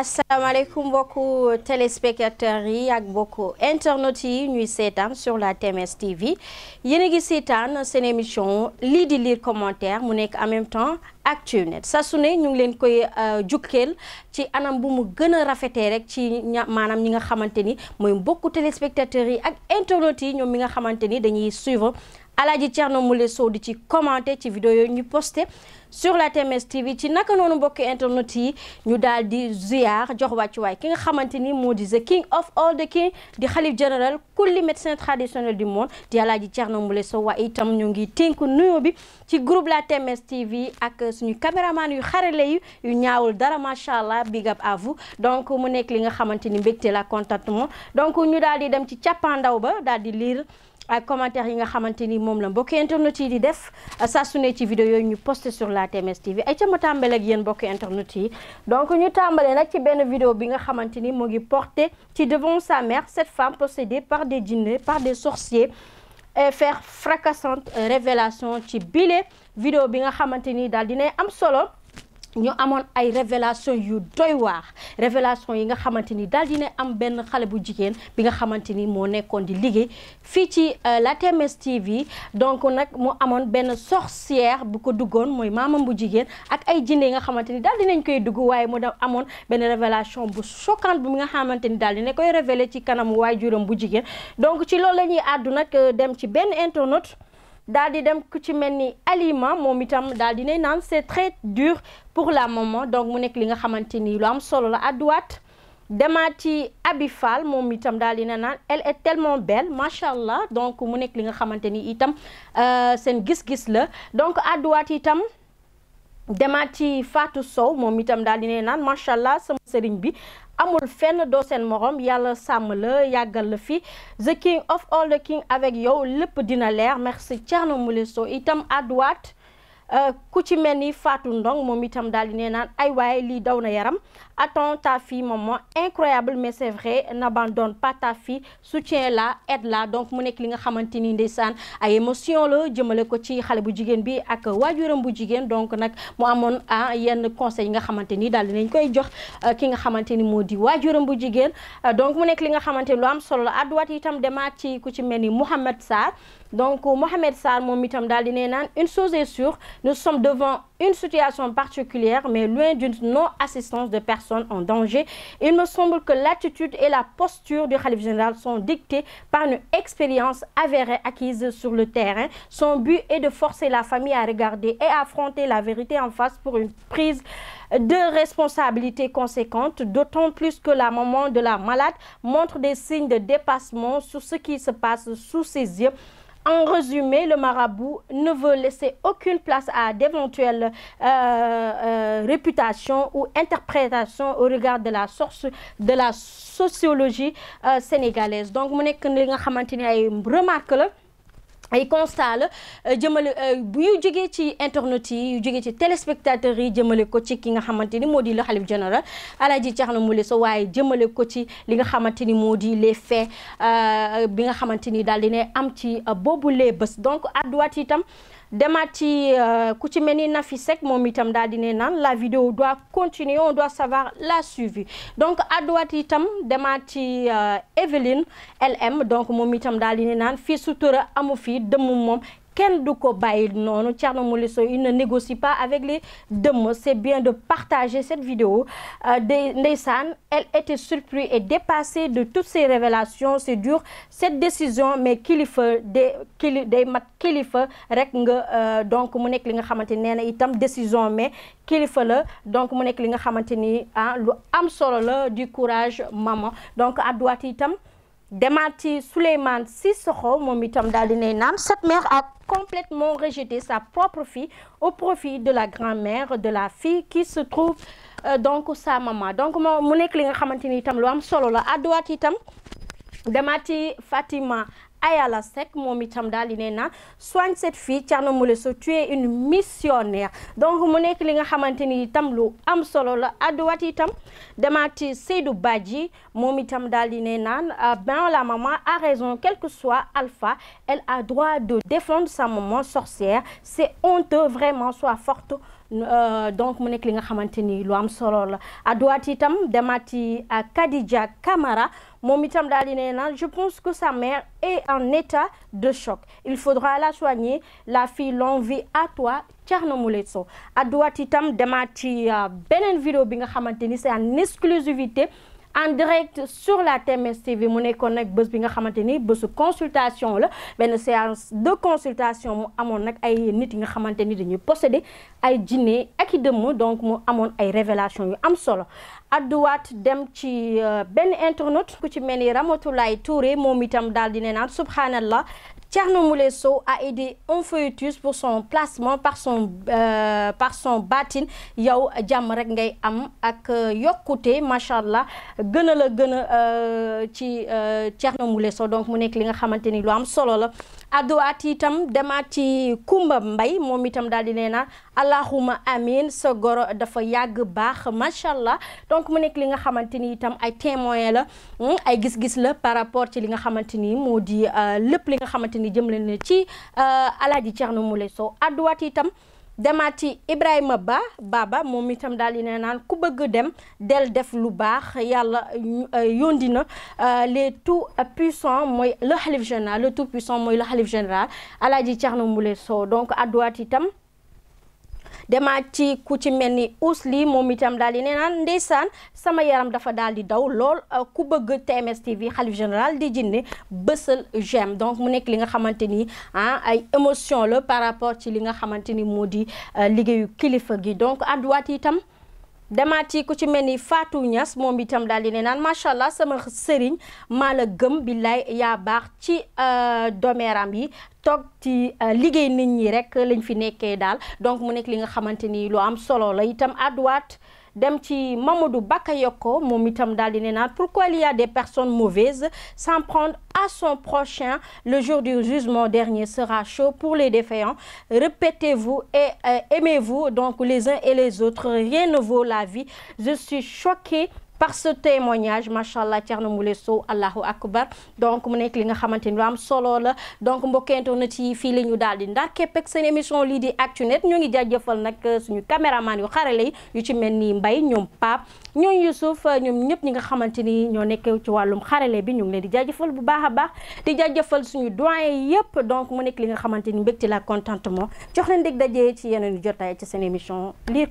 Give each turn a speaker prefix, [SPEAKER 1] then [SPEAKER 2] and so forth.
[SPEAKER 1] asalaamaaleykum mbokku téléspectateurs yi ak mbokku internautes yi ñuy seetaan sur la TMS TV yéen a ngi seetaan seen émission lii di lire commentaire mu nekk en même temps ActuNet saa su ne ñu ngi leen koy euh, jukkeel ci anam bu mu gën a rafetee rek ci ña maanaam ñi nga xamante ni mooy mbokku téléspectateurs yi ak internautes yi ñoom mi nga xamante ni dañuy suivre. Alaaji Thierno Moule Sow di ci commenté ci vidéo yooyu ñu posté sur la TMS TV ci naka noonu mbokk internet yi ñu daal di ziar jox wàccuwaay ki nga xamante ni moo di the king of all the king di xalif général kulli médecin traditionnel du monde di Alaaji Thierno Moule Sow waaye itam ñu ngi tënk nuyoo bi ci groupe la TMS TV ak suñu caméraman yu xarale yi yu ñaawul dara macha allah big up à donc mu nekk li nga xamante ni mbégte la contentement donc ñu daal di dem ci càppaandaw ba daal di lire ak commentaire yi nga xamante ni moom la mbokki internet yi di def saa su ne ci vidéo yooyu ñu posté sur la TMS TV ay ca ma tàmbale ak yéen mbokki internet yi donc ñu tàmbale nag ci benn vidéo bi nga xamante ni mu ngi porté ci devant sa mère cette femme possédée par des djinns par des sorciers et faire fracassante révélation ci bile vidéo bi nga xamante ni daal dinay am solo ñu amoon ay révélation yu doy waar révélation yi nga xamante ni daal dina am benn xale bu jigéen bi nga xamante ni moo nekkoon di liggéey fii ci euh, la TMS TV donc nag mu amoon benn sorcière bu ko duggoon mooy maamam bu jigéen ak ay jinne yi nga xamante ni daal dinañ koy dugg waaye mu da amoon benn révélation bu choquante bi nga xamante ni daal dina koy révélé ci kanam juróom bu jigéen donc ci loolu la ñuy àddu nag euh, dem ci benn internaute daal di dem ku ci mel ni aliment moom itam daal di ne naan c'est très dur pour la maman donc mu nekk li nga xamante nii lu am solo la adduwaat demaat ci Abi Fall moom itam daal di ne naan elle est tellement belle macha allah donc mu nekk li nga xamante ni itam euh, seen gis-gis la donc adduwaat itam. demaat ci Fatou Sow moom itam daal di ne naan macha allah sama sëriñ bi amul fenn doo seen morom yàlla sàmm la yàggal la fi the king of all the king avec yow lépp dina leer merci Thierno Moule Sow itam àdduwaat. Euh, ku ci mel ni Fatou Ndong moom itam daal di nee naan ay waay lii daw na yaram attends ta fille maman incroyable mais c'est vrai n'abandonne pas ta fille la aide-la donc mu nekk li nga xamante ni ndeysaan ay émotion la jëmale ko ci xale bu jigéen bi ak waajuram bu jigéen donc nag mu amoon ah yenn conseil yi nga xamante ni daal dinañ koy jox euh, ki nga xamante ni moo di waajuram bu jigéen euh, donc mu nekk li nga xamante ni lu am solo la adduwaat itam demaat ci ku ci mel ni Mouhamed Sarr donc Mouhamed Sarr moom itam daal di ne naan une chose est sûre une situation particulière, mais loin d'une non-assistance de personnes en danger. Il me semble que l'attitude et la posture du Khalif général sont dictées par une expérience avérée acquise sur le terrain. Son but est de forcer la famille à regarder et affronter la vérité en face pour une prise de responsabilité conséquente, d'autant plus que la maman de la malade montre des signes de dépassement sur ce qui se passe sous ses yeux. En résumé, le marabout ne veut laisser aucune place à d'éventuelles euh, euh, réputations ou interprétations au regard de la source de la sociologie euh, sénégalaise donc mu nekk li nga xamante ni ay remarque la ay constat la euh, jëmale euh, bu yu ci internet yi yu jógee ci téléspectateurs yi jëmale ko ci ki nga xamante ni moo di le yi général Alaaji Thierno Moule Sow waaye jëmale ko ci li nga xamante ni moo di les faits euh, bi nga xamante ni daal di ne am ci boobu les bés donc àdduwaat itam demaat ci euh, ku ci mel ni Nafi Seck moom itam daal di naan la vidéo doit continuer on doit savoir la suivi donc àdduwaat itam demaat ci euh, Evelyne LM donc moom itam daal di naan fii sutura amu fii dëmm moom kenn du ko bàyyi noonu Thierno Moule Sow il ne négocie pas avec le dëmm c'est bien de partager cette vidéo euh, de ndeysaan elle était surprise et dépassée de toutes ces révélations c'est dur cette décision mais kilifa de kili day mat kilifa rek nga euh, donc mu nekk li nga xamante ni nee na itam décision mais kilifa la donc mu nekk li nga xamante ni ah lu am solo la du courage maman donc adduwaat itam demaat ci Souleymane Sissoko moom itam daal di ne naam cette mère a complètement rejeté sa propre fille au profit de la grand-mère de la fille qui se trouve euh, donc sa maman donc moo mu nekk li nga xamante ni itam lu am solo la à droite itam Fatima Ayala Seck moom itam daal di ne na soigne cette fille Thierno Moule Sow tu es une missionnaire donc mu nekk li nga xamante ni itam lu am solo la adduwaat itam demaati Seydou Badji moom itam daal di ne naan ah, ben la maman a raison quel que soit Alpha elle a droit de défendre sa maman sorcière c'est honteux vraiment soit forte Euh, donc mu nekk li nga xamante ni lu am solo la à droite itam demati ah, Khadija Kamara moom itam daal di ne na je pense que sa mère est en état de choc il faudra la soigner la fi longue vie à toi Thierno Moule so adduwaat itam demaat ci euh, beneen vidéo bi nga xamante ni c'est en exclusivité en direct sur la TMS TV mu nekkoon nag bés bi nga xamante ni bésu consultation la benn séance de consultation mu amoon nag ay nit yi nga xamante ni dañuy posséder ay jinne ak i dëmm donc mu amoon ay révélation yu am solo adduwaat dem ci euh, benn internaute ku ci mel ni ramatulaay Touré moom itam daal di ne naan subhanallah Thierno Moule Sow a aidé un pour son placement par son euh, par son baatin yow jàmm rek ngay am ak euh, yokkute macha allah gën a la gën a euh, ci Thierno Moule Sow donc mu nekk li nga xamante ni lu am solo la. adduwaat itam demaat ci Kumba Mbay moom itam daal di nee na allahuma amin sa goro dafa yàgg baax macha allah donc mu nekk li nga xamante ni itam ay témoin la hmm, ay gis-gis la par rapport ci li nga xamante ni moo di euh, lépp li nga xamante ni jëm leen ci euh, Alaaji Thierno Moule Sow adduwaat itam demaati Ibrahima Ba Baba moom itam daal di ne naan ku bëgg dem dell def lu baax yàlla euh, yondi na les tout puissants mooy la xalif général le tout puissant mooy la xalif général Alaaji Thierno Moule Sow donc adduwaat itam demaat ci ku ci mel ni Ousli moom itam daal di nee naan ndeysaan sama yaram dafa daal di daw lool euh, ku bëgg TMS TV xalif général di jinne bësal j'aime donc mu nekk li nga xamante ni ah ay émotion la par rapport ci li nga xamante ni moo di euh, liggéeyu kilifa gi donc adduwaat itam demaat yi ku ci mel ni Fatou Niass moom itam daal di ne naan macha allah sama sëriñ maa la gëm billaay yaa baax ci euh, domeram yi toog ci euh, liggéey nit ñi rek lañ fi nekkee daal donc mu nekk li nga xamante ni lu am solo la itam àdduwaat. dem ci Mamadou Bakayoko moom itam daal di ne naan pourquoi il y a des personnes mauvaises s'en prendre à son prochain le jour du jugement dernier sera chaud pour les défaillants répétez-vous et euh, aimez-vous donc les uns et les autres rien ne vaut la vie je suis choquée par ce témoignage macha allah Thierno Moule Sow allahu akbar donc mu nekk li nga xamante ni lu am solo la donc mbokkentoo na ci fii la ñu daal di ndar képp ak seen émission lii di Actunet ñoo ngi jaajëfal nag euh, suñu caméraman yu xarale yu ci mel ni mbay ñoom Pape ñoom Youssouf euh, ñoom ñëpp ñi nga xamante ni ñoo nekkee ci wàllum xarale bi ñu ngi leen di jaajëfal bu baax a baax di jaajëfal suñu doyen yëpp donc mu nekk li nga xamante ni mbégte la contentement jox leen dégg dajee ci yeneen jotaay ci seen émission lire